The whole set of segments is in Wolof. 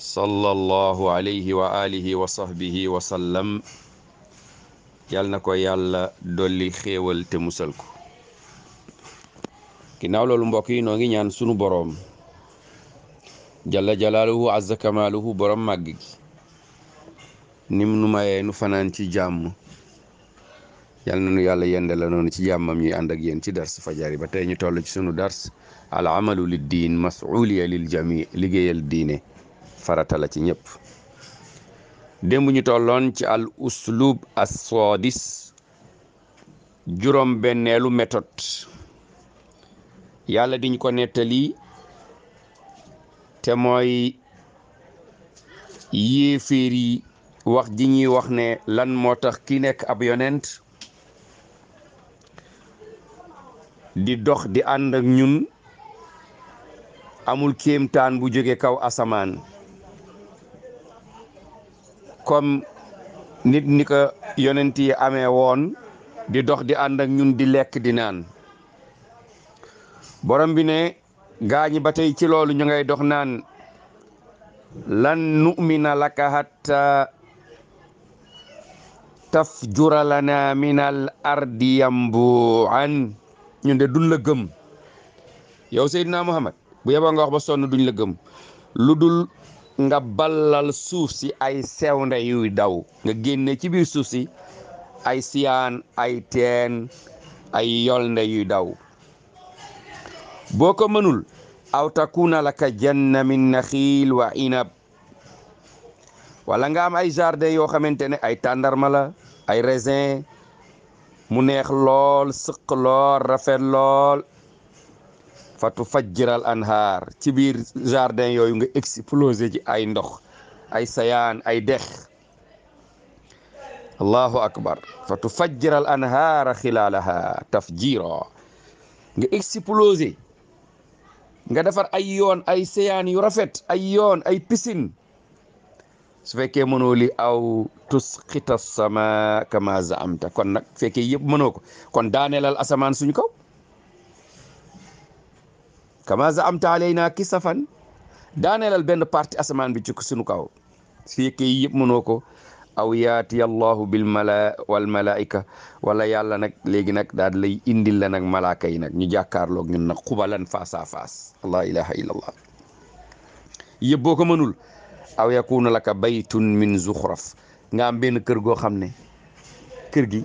sallallahu alayhi wa alihi wa sahbihi wa sallam yal na ko yàlla dolli xéewal te musal ko ginnaaw loolu mbokk yi noo ngi ñaan sunu boroom jalla jalaaluhu azza kamaaluhu boroom màgg gi nim nu mayee nu fanaan ci jàmm yal na nu yàlla yende la noonu ci jàmmam yi ànd ak yéen ci dars fajar yi ba tey ñu toll ci sunu dars al amalu lid diin liggéeyal diine faratala ci ñépp démb ñu tolloon ci al uslub as-sadis juróom benneelu méthode yàlla diñ ko nettali te mooy yéeféer yi wax ji ñuy wax ne lan moo tax ki nekk ab yonent di dox di ànd ak ñun amul kéemtaan bu jóge kaw asamaan comme nit ni ko yonent yi amee woon di dox di ànd ak ñun di lekk di naan borom bi ne gaañi ba tey ci loolu ñu ngay dox naan lan nu'mina laka hatta tafjura lana minal ardi yambu'an ñun de duñ la gëm yow Seydina Muhammad bu yeboo nga ba sonn duñ la gëm lu dul nga ballal suuf si ay sewnde yuy daw nga génne ci biir suuf si ay siyaan ay teen ay yolnde yuy daw boo ko mënul aw takuna ka janna min naxiil wa inab wala nga am ay jardin yoo xamante ne ay tàndarma la ay resin mu neex lool sëq lool rafet lool fatu fajjiral anhaar ci biir jardin yooyu nga explosé ji ay ndox ay sayaan ay dex allahu akbar fatu fajjiral anhaara xilaalaha tafjiro nga explosé nga defar ay yoon ay sayaan yu rafet ay yoon ay piscine su fekkee mënoo li aw tusqita sama kama zaamta kon nag fekkee yëpp mënoo ko kon daanelal asamaan suñu kaw kama zaamta alaynaa kisafan daaneelal benn parti asamaan bi ci sunu kaw fii kii yëpp mënoo ko aw yaati allahu bil mala wal malaika wala yàlla nag léegi nag daal lay indil la nag malaaka yi nag ñu jàkkaarloog ñun nag xubalan face à face allah ilaha illa allah yëpp boo ko mënul aw yakuna laka baytun min zuxraf nga am benn kër goo xam ne kër gi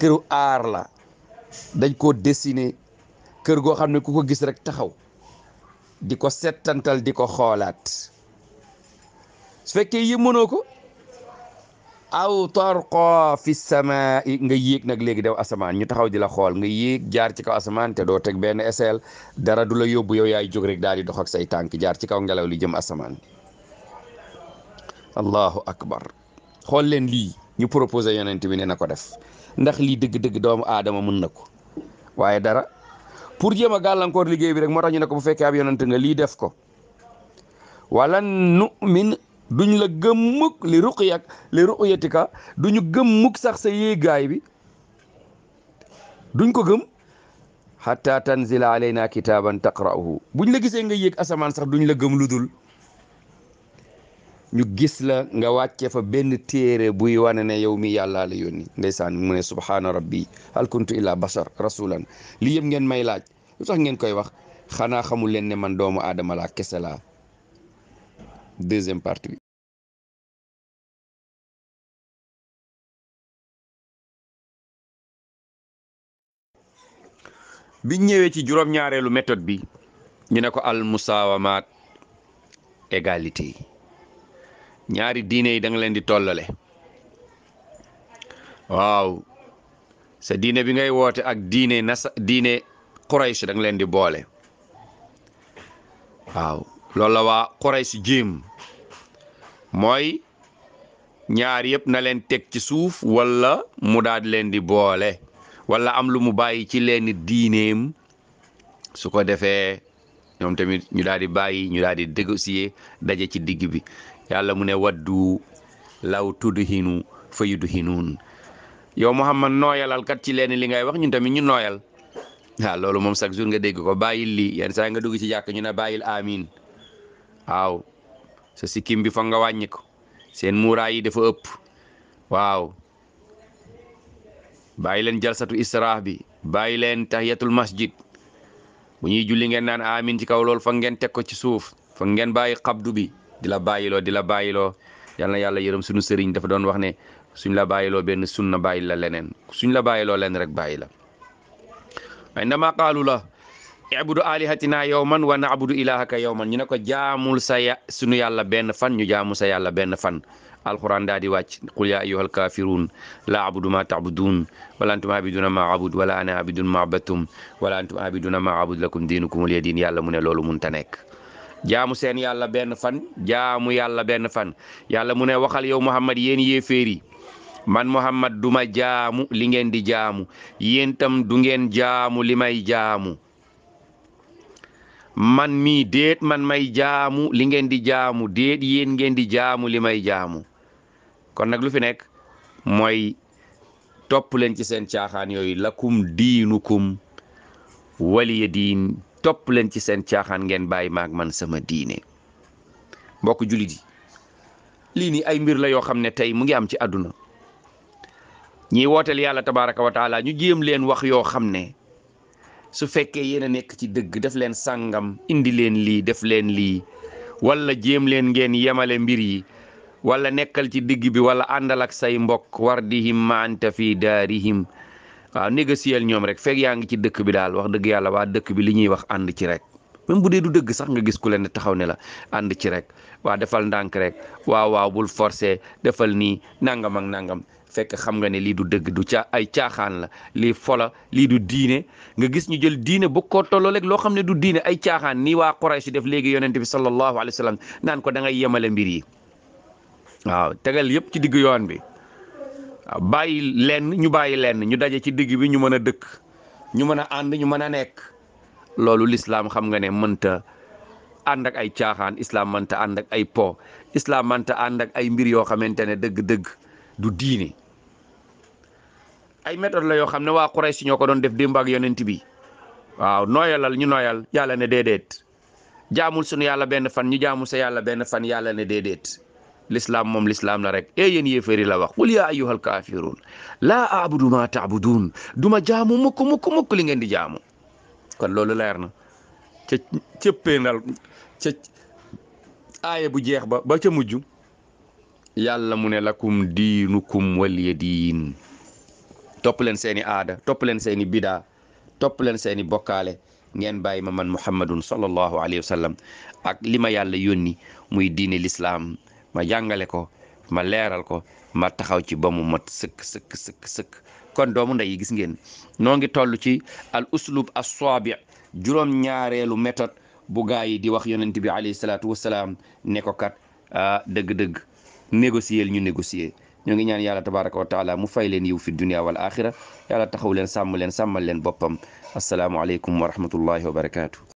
këru aar la dañ koo dessiné kër goo xam ne ku ko gis rek taxaw di ko settantal di ko xoolaat su fekkee yi mënoo ko aw tarqa fi samaa nga yéeg nag léegi daw asamaan ñu taxaw di la xool nga yéeg jaar ci kaw asamaan te doo teg benn eseel dara du la yóbbu yow yaay jóg rek daal di dox ak say tànk jaar ci kaw ngelaw li jëm asamaan allahu akbar xool leen li ñu proposé yonent bi ne na ko def ndax lii dëgg-dëgg doomu aadama mun na ko waaye dara pour jéem a gàllankoor liggéey bi rek moo tax ñu ne ko bu fekkee ab yonent nga lii def ko wala nu min duñ la gëmmuk li ruqyak li ruqyatika duñu gëmmuk sax sa yéegaay bi duñ ko gëm hatta tanzila alayna kitaban bu buñ la gisee nga yéeg asamaan sax duñ la gëm lu dul ñu gis la nga wàcce fa benn téere buy wane ne yow mi yàlla la yónni ndeysaan mu ne subhaana rabbi hal kuntu illa basar rasulan li yëpp ngeen may laaj lu tax ngeen koy wax xanaa xamul leen ne man doomu aadama laa kesela laa deuxième bi ñëwee ci juróom-ñaareelu méthode bi ñu ne ko al musaawamaat égalité ñaari diine yi da leen di tollale waaw sa diine bi ngay woote ak diine nasa diine Quraysh da leen di boole waaw loolu la waa mooy ñaar yépp na leen teg ci suuf walla mu daal leen di boole walla am lu mu bàyyi ci leen diineem su ko defee ñoom tamit ñu daal di bàyyi ñu daal di négocier daje ci digg bi yàlla mu ne waddu law tudhinu fa yudhinuun yow Muhammad nooyalal kat ci leen li ngay wax ñun tamit ñu nooyal waaw loolu moom chaque jour nga dégg ko bàyyil lii yenn saa nga dugg ci jàkk ñu ne bàyyil amiin waaw sa sikkim bi fa nga wàññi seen muuraay yi dafa ëpp waaw bàyyi leen jalsatu israa bi bàyyi leen tahiyatul masjid bu ñuy julli ngeen naan amiin ci kaw loolu fa ngeen teg ko ci suuf fa ngeen bàyyi xabdu bi di la bàyyiloo di la bàyyiloo yal na yàlla yërëm suñu sëriñ dafa doon wax ne suñ la bàyyiloo benn sunna bàyyi la leneen suñ la bàyyiloo leen rek bàyyi la waaye ndama qaalu la ibudu alihatina yawman wa nabudu ilahaka yawman ñu ne ko jaamul sa ya suñu yàlla benn fan ñu jaamu sa yàlla benn fan alquran daa di wàcc qul yaa ayyuhal kaafiruun laa abudu maa taabuduun wala antum abiduna maa abud wala ana abidun maa abattum wala antum abiduna maa abud lakum diinukum waliya diin yàlla mu ne loolu mun ta nekk jaamu seen yàlla benn fan jaamu yàlla benn fan yàlla mu ne waxal yow Muhammad yéen yéeféer man Muhammad du ma jaamu li ngeen di jaamu yéen tam du ngeen jaamu li may jaamu man mi déet man may jaamu li ngeen di jaamu déet yéen ngeen di jaamu li may jaamu kon nag lu fi nekk mooy topp leen ci seen caaxaan yooyu lakum diinukum waliya diin topp leen ci seen caaxaan ngeen bàyyi maag man sama diine mbokk jullit yi lii nii ay mbir la yoo xam ne tey mu ngi am ci àdduna ñiy wooteel yàlla tabaaraka wa taala ñu jéem leen wax yoo xam ne su fekkee yéen nekk ci dëgg def leen sàngam indi leen lii def leen lii wala jéem leen ngeen yemale mbir yi walla nekkal ci digg bi wala àndal ak say mbokk war dihim ma anta fi daarihim waaw négocier ñoom rek fekk yaa ngi ci dëkk bi daal wax dëgg yàlla waa dëkk bi li ñuy wax ànd ci rek même bu dee du dëgg sax nga gis ku leen taxaw ne la ànd ci rek waa defal ndànk rek waaw waaw bul forcer defal nii nangam ak nangam fekk xam nga ne lii du dëgg du caa ay caaxaan la lii fola lii du diine nga gis ñu jël diine bu ko tolloo rek loo xam ne du diine ay caaxaan ni waa Quraysh def léegi yonent bi sallallahu alayhi wa sallam naan ko da ngay yemale mbir yi waaw yëpp ci diggu yoon bi. bàyyi lenn ñu bàyyi lenn ñu daje ci digg bi ñu mën a dëkk ñu mën a ànd ñu mën a nekk loolu lislaam xam nga ne mënta ànd ak ay caaxaan islaam mënta ànd ak ay po islaam mënta ànd ak ay mbir yoo xamante ne dëgg-dëgg du diine ay méthode la yoo xam ne waa Quraysh ñoo ko doon def démb ak yonent bi waaw nooyalal ñu nooyal yàlla ne déedéet jaamul sunu yàlla benn fan ñu jaamu sa yàlla benn fan yàlla ne déedéet lislaam moom lislaam la rek e yéen la wax qul yaa ayyuhal kaafiruun laa a'budu maa ta'buduun du ma jaamu mukk mukk mukk li ngeen di jaamu kon loolu leer na ca cëppeendal aaya bu jeex ba ba ca mujj yàlla mu ne lakum diinukum waliya diin topp leen seeni aada topp leen seeni bidaa topp leen seeni bokkaale ngeen bàyyi ma man muhammadun sallallahu alayhi wa sallam ak li ma yàlla yónni muy diine lislaam ma jàngale ko ma leeral ko ma taxaw ci ba mu mat sëkk sëkk sëkk sëkk kon doomu ndey yi gis ngeen noo ngi toll ci al uslub as-sabi juróom ñaareelu méthode bu gaa yi di wax yonent bi alayhi salaatu wasalaam ne ko kat ah, dëgg-dëgg négocier ñu négocier ñoo ngi ñaan yàlla tabaraka wa taala mu fay leen yiw fi dunia wal axira yàlla taxaw leen sàmm leen sàmmal leen boppam asalaamualeykum wa rahmatullahi wa barakaatu.